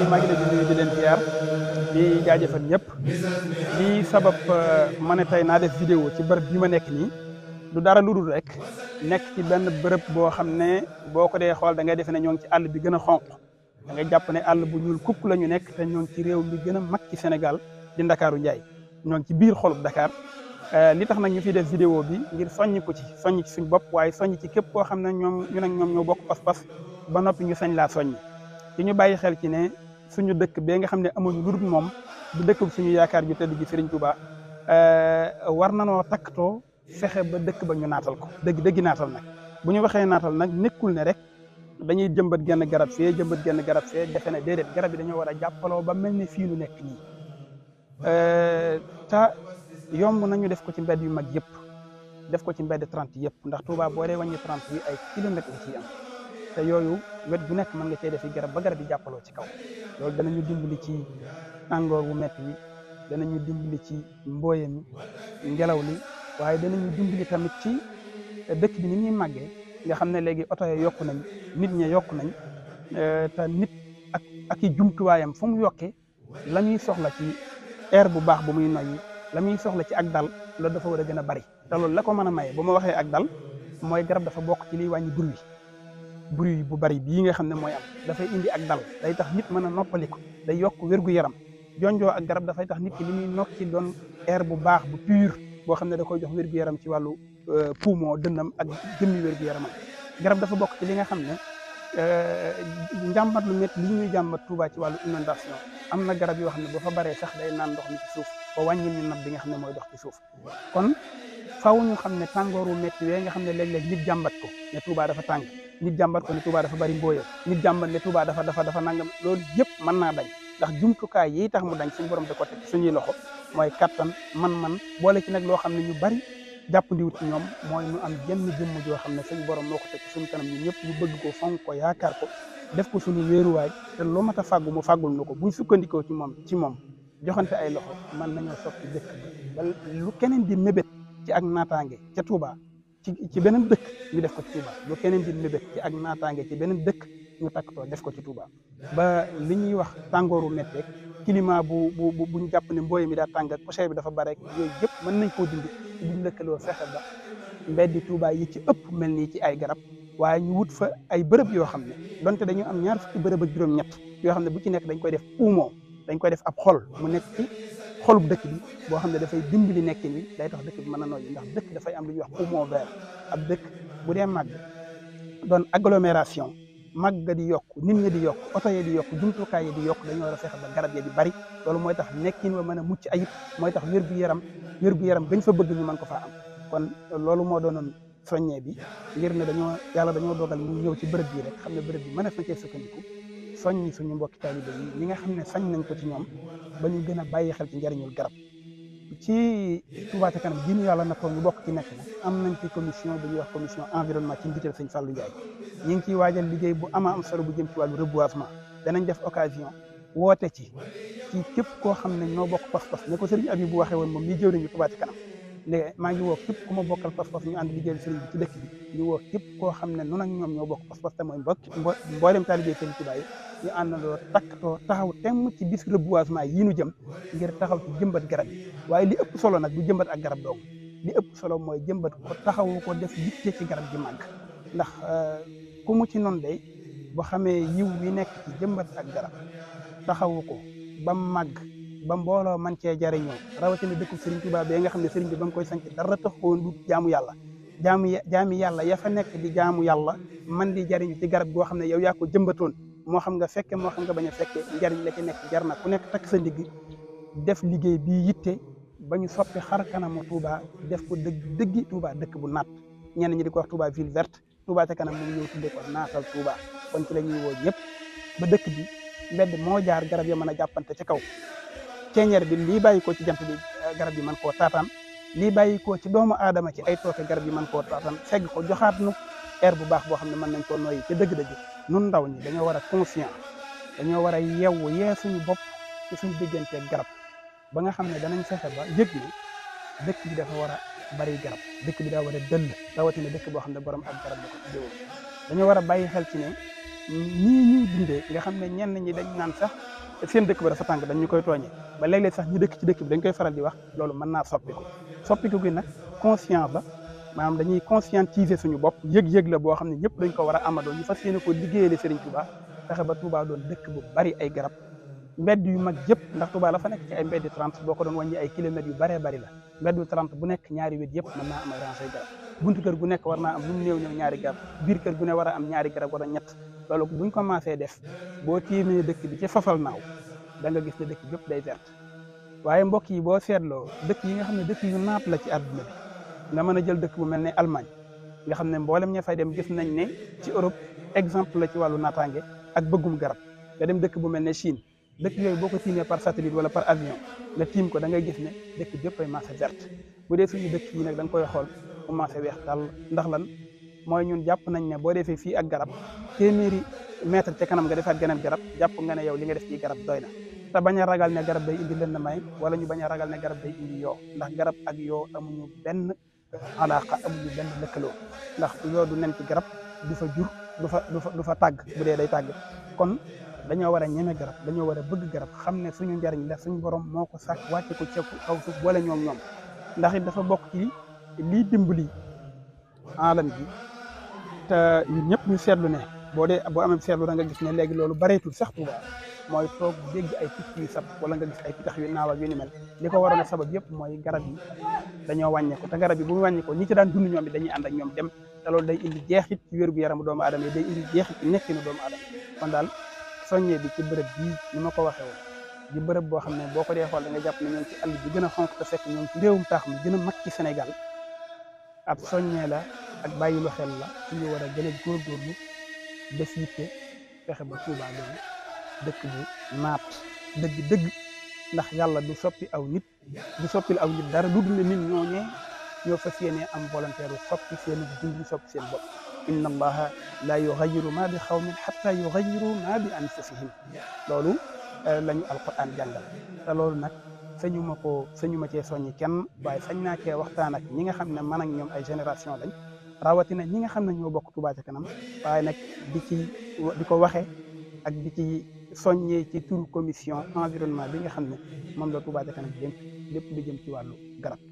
yi maa ngi leen di jaajëfal ñëpp lii sabab euh, ma ne tey naa def vidéo ci bërëb bi ma nekk nii du dara lu dul rek nekk ci benn bërëb boo xam ne boo ko dee xool da ngay defe ne ñoo ngi ci àll bi gën a xonq da ne àll bu ñuul kukk la ñu nekk te ñoo ngi réew mi gën a mag ci Sénégal di Ndakaaru Njaay ñoo ngi ci biir xolub Dakar euh, li tax nag ñu fi def vidéo bi ngir soññ ko ci soññ suñ bopp waaye soññ ci képp koo xam ne ñoom ñu nag ñoom ñoo bokk pas-pas ba noppi ñu sañ laa soññ di ñu bàyyi xel ci ne suñu dëkk bee nga xam ne amuñu lu dul moom du dëkk suñu yaakaar ju tedd ji Serigne Touba euh, war na nanoo takkatoo fexe ba dëkk ba ñu naatal ko dëgg dëgg naatal nag bu ñu waxee naatal nag nekkul ne rek dañuy jëmbat genn garab fi jëmbat genn garab fee defe ne déedéet garab yi dañoo war a jàppaloo ba mel ne fii nu nekk nii euh, ta yomb nañu def ko ci mbedd yu mag yëpp def ko ci mbedd 30 yëpp ndax Touba boo dee wàññi 30 yi ay kilomètres la ciy am te yooyu wet bu nekk mën nga cee fi garab ba garab yi jàppaloo ci kaw loolu danañu dimbali ci tàngoor bu metti bi danañu dimbali ci mbooye mi ngelaw li waaye danañu dimbali tamit ci dëkk bi ni muy màggee nga xam ne léegi oto yi yokku nañ nit ña yokk nañ eh, te nit ak ak i jumtuwaayam fu mu yokkee la ñuy soxla ci air bu baax bu muy noyyi la muy soxla ci ak dal loolu dafa war a gën a bari te loolu la ko mën a mayee bu ma waxee ak dal mooy garab dafa bokk ci liy wàññi dur wi bruit bu bari bii nga xam ne mooy am dafay indi ak dal day tax nit mën a noppaliku day yokk wér yaram jonjoo ak garab dafay tax nit ki li muy nokki doon air bu baax bu pur boo xam ne da koy jox wér yaram ci wàllu euh, poumon dënnam ak jëmmi wér yaram yaramam garab dafa bokk ci li nga xam ne euh, njàmbat lu métti li ñuy jàmbat Touba ci wàllu inondation am na garab yoo xam ne boo fa baree sax day naan ndox mi ci suuf ba wàññil ñu nab bi nga xam ne mooy dox ci suuf kon faaw ñu xam ne tàngooru métti wee nga xam ne léeg nit jàmbat ko ne dafa tàng ñu jàmbat ko ne Touba dafa bari mbooyal ñu jàmbat ne Touba dafa dafa dafa nangam loolu yëpp mën naa dañ ndax jumtukaay yi tax mu dañ suñu borom da ko teg suñuy loxo mooy kattan man-man boole ci nag loo xam ne ñu bari jàpp ndiwut ci ñoom mooy ñu am jenn jëmm joo xam ne suñu borom moo ko teg suñu kanam ñu ñëpp ñu ko fonk ko yaakaar def ko suñu wéeruwaay te loo mat a fàggu mu fàggul na ko buñ sukkandikoo ci moom ci moom joxante ay loxo mën nañoo soppi dëkk ba lu keneen di mébét ci ak naataange ca Touba ci ci beneen dëkk ñu def ko ci Touba lu keneen di mébét ci ak naataange ci beneen dëkk ñu takkatoo def ko ci Touba ba li ñuy wax tàngooru métteeg climat bu bu bu ñu jàpp ne mbooy mi daa tàng ak poussière bi dafa bare ak yooyu yëpp mën nañ koo dindi ci buñ lëkkaloo fexe ba mbeddi Touba yi ci ëpp mel nii ci ay garab waaye ñu wut fa ay bërëb yoo xam ne donte dañu am ñaar fukki bërëb juróom-ñett yoo xam ne bu ci nekk dañ koy def poumon dañ koy def ab xol mu nekk ci xolub dëkk bi boo xam ne dafay dimbali nekkin wi day tax dëkk bi mën a noyyi ndax dëkk dafay am lu ñuy wax poumon vert ab dëkk bu dee màgg doon agglomération màgg di yokk nit ñi di yokk oto yi di yokk jumtukaay yi di yokk dañoo war a fexe ba garab yi di bari loolu mooy tax nekkin wa mën a mucc ayib mooy tax wér gu yaram wér gu yaram bañ fa bëgg ñu man ko fa am kon loolu moo doonoon soññee bi ngir ne dañoo yàlla dañoo dogal mu ñëw ci bërëb bii rek xam ne bërëb bi mën a fekkee soññ suñu mbokki taalibe yi ñi nga xam ne sañ nañ ko ci ñoom ba ñu gën a bàyyi xel ci njëriñul garab ci Touba Ca Kanam diinu yàlla na ko ñu bokk ki nekk am nañ ci commission bu ñuy wax commission environnement ci njiital sëñ Fallou Ndiaye ñi ngi ciy waajal liggéey bu ama am solo bu jëm ci wàllu reboisement danañ def occasion woote ci ci képp koo xam ne ñoo bokk pas-pas ne ko sëriñ Abib bu waxee woon moom mii jëwriñu Touba Kanam ne maa ngi woo képp ku ma bokkal pas-pas ñu ànd liggéeyal sëriñ bi ci dëkk ñu woo képp koo xam ne nun ak ñoom ñoo bokk pas-pas te mooy mbokk mboolem taalibe sëriñ Tuubaa yi ñu àndandoo taxaw temm ci bis reboisement yii nu jëm ngir taxaw ci jëmbat garab yi waaye li ëpp solo nag du jëmbat ak garab doomu li ëpp solo mooy jëmbat ko taxawu ko def yitte ci garab gi màgg ndax euh, ku mu ci noonu day boo xamee yiw wi nekk ci jëmbat ak garab taxawu ko ba màgg ba mbooloo man cee jariñoo rawatina dëkku Serigne Touba bi nga xam ne Serigne bi ba nga koy sanc dara koo du jaamu yàlla jaamu jaami yàlla ya fa nekk di jaamu yàlla man di jariñ ci garab goo xam ne yow yaa ko jëmbatoon moo xam nga fekke moo xam nga bañ a fekke njariñ la ci nekk jar na ku nekk takk sa ndigg def liggéey bii yitte ba ñu soppi xar kanam Touba def ko dëgg dëggi Touba dëkk bu naat ñenn ñi di ko wax Touba ville verte Touba ca kanam mu ñëw tuddee ko naatal Touba kon ci la ñuy woo ñëpp ba dëkk bi mbedd moo jaar garab ya mën a jàppante ca kaw ceñeer bi lii bàyyi ko ci jant bi eh, garab yi man koo taataan lii bàyyi ko ci doomu aadama ci ay tooke garab yi man koo taataan fegg ko joxaat nu air bu baax boo xam ne mën nañ koo noyyi ci dëgg-dëgg nun daw ñi dañoo war a conscient dañoo war a yeewu yee suñu bopp ci suñu digganteeg garab ba nga xam ne danañ fexe ba yëg ni dëkk bi dafa war a bari garab dëkk bi daa war a dëll dëkk boo xam ne borom ak garab la ko jëwoo dañoo war a bàyyi xel ci ne nii dundee nga xam ne ñenn ñi dañ naan sax seen dëkk ba dafa tàng dañ ñu koy tooñee ba léeg-léeg sax ñu dëkk ci dëkk bi dañ koy faral di wax loolu man naa soppiku soppiku gi nag conscience la maanaam dañuy conscientiser suñu bopp yëg-yëg la boo xam ne ñëpp dañ ko war a amadoo ñu fas yéene koo liggéeyale Serigne Touba fexe ba Touba doon dëkk bu bari ay garab mbedd yu mag yëpp ndax Touba la fa nekk ci ay mbedd 30 boo ko doon wàññi ay kilomètres yu bare bari la mbedd 30 bu nekk ñaari wet yëpp mën naa am ay rangée buntu kër gu nekk war naa am lu néew néew ñaari garab biir kër gu ne war a am ñaari garab wala ñett loolu buñ commencé def boo tiimee dëkk bi ci fafal naaw da gis ne dëkk bépp day verte waaye mbokk yi boo seetloo dëkk yi nga xam ne dëkk yu naat la ci àdduna bi nga mën a jël dëkk bu mel ne Allemagne nga xam ne mboolem ña fay dem gis nañ ne ci Europe exemple la ci wàllu naataange ak bëggum garab nga dem dëkk bu mel ne Chine dëkk yooyu boo ko tiimee par satellite wala par avion nga tiim ko da ngay gis ne dëkk bépp ay masse verte bu dee suñu dëkk yi nag da koy xool commencé weex daal ndax lan mooy ñun jàpp nañ ne boo defee fii ak garab téeméeri mètre ca kanam nga defaat geneen garab jàpp nga ne yow li nga def ci garab doy na te bañ a ragal ne garab day indi leen may wala ñu bañ a ragal ne garab day indi yoo ndax garab ak yoo amuñu benn alaqa amuñu benn lëkkaloo ndax yoo du nen ci garab du fa jur du fa du fa du fa tàgg bu dee day tàgg kon dañoo war a ñeme garab dañoo war a bëgg garab xam ne suñu njariñ la suñu borom moo ko sàkk wàcce ko ceeb aw suuf boole ñoom ñoom ndax dafa bokk lii dimbali alam bi te ñun ñëpp ñu seetlu ne boo dee boo amee seetlu da nga gis ne léegi loolu bareetul sax Touba mooy toog dégg ay picc yu sab wala nga gis ay pitax yu naaw ak yu mel li ko waroon a sabab yëpp mooy garab yi dañoo wàññeeku te garab yi bu ñu wàññeekoo ñi ci daan dund ñoom bi dañuy ànd ñoom dem te loolu day indi jeexit ci wér gu yaramu doomu aadama yi day indi jeexit ci nekkinu doomu aadama kon daal soññee bi ci bërëb bii ni ma ko waxee woon di bërëb boo xam ne boo ko dee xool da jàpp ne ci àll bi gën a xonk te fekk ñoom mi gën a mag ci Sénégal ab soññee la ak bàyyi lu xel la ñu war a gën a góorgóorlu def yitte pexe ba Touba doon dëkk bi naat dëgg-dëgg ndax yàlla du soppi aw nit du soppil aw nit dara du dul nit ñooñee ñoo fas yéenee am volontaire u soppi seen dund soppi seen bopp inna allaha la yughayyiru ma bi xawmin hatta yughayyiru ma bi anfusihim loolu eh, lañu alquran jàngal te loolu nag sañu ma koo sañu ma cee soññi kenn waaye sañ naa cee waxtaan ak ñi nga xam ne man ñoom ay génération lañ rawatina ñi nga xam ne ñoo bokk Touba ca kanam waaye nag di ci di ko waxee ak di ci soññee ci turu commission environnement bi nga xam ne moom la Touba ca kanam jëm lépp di jëm ci wàllu garab.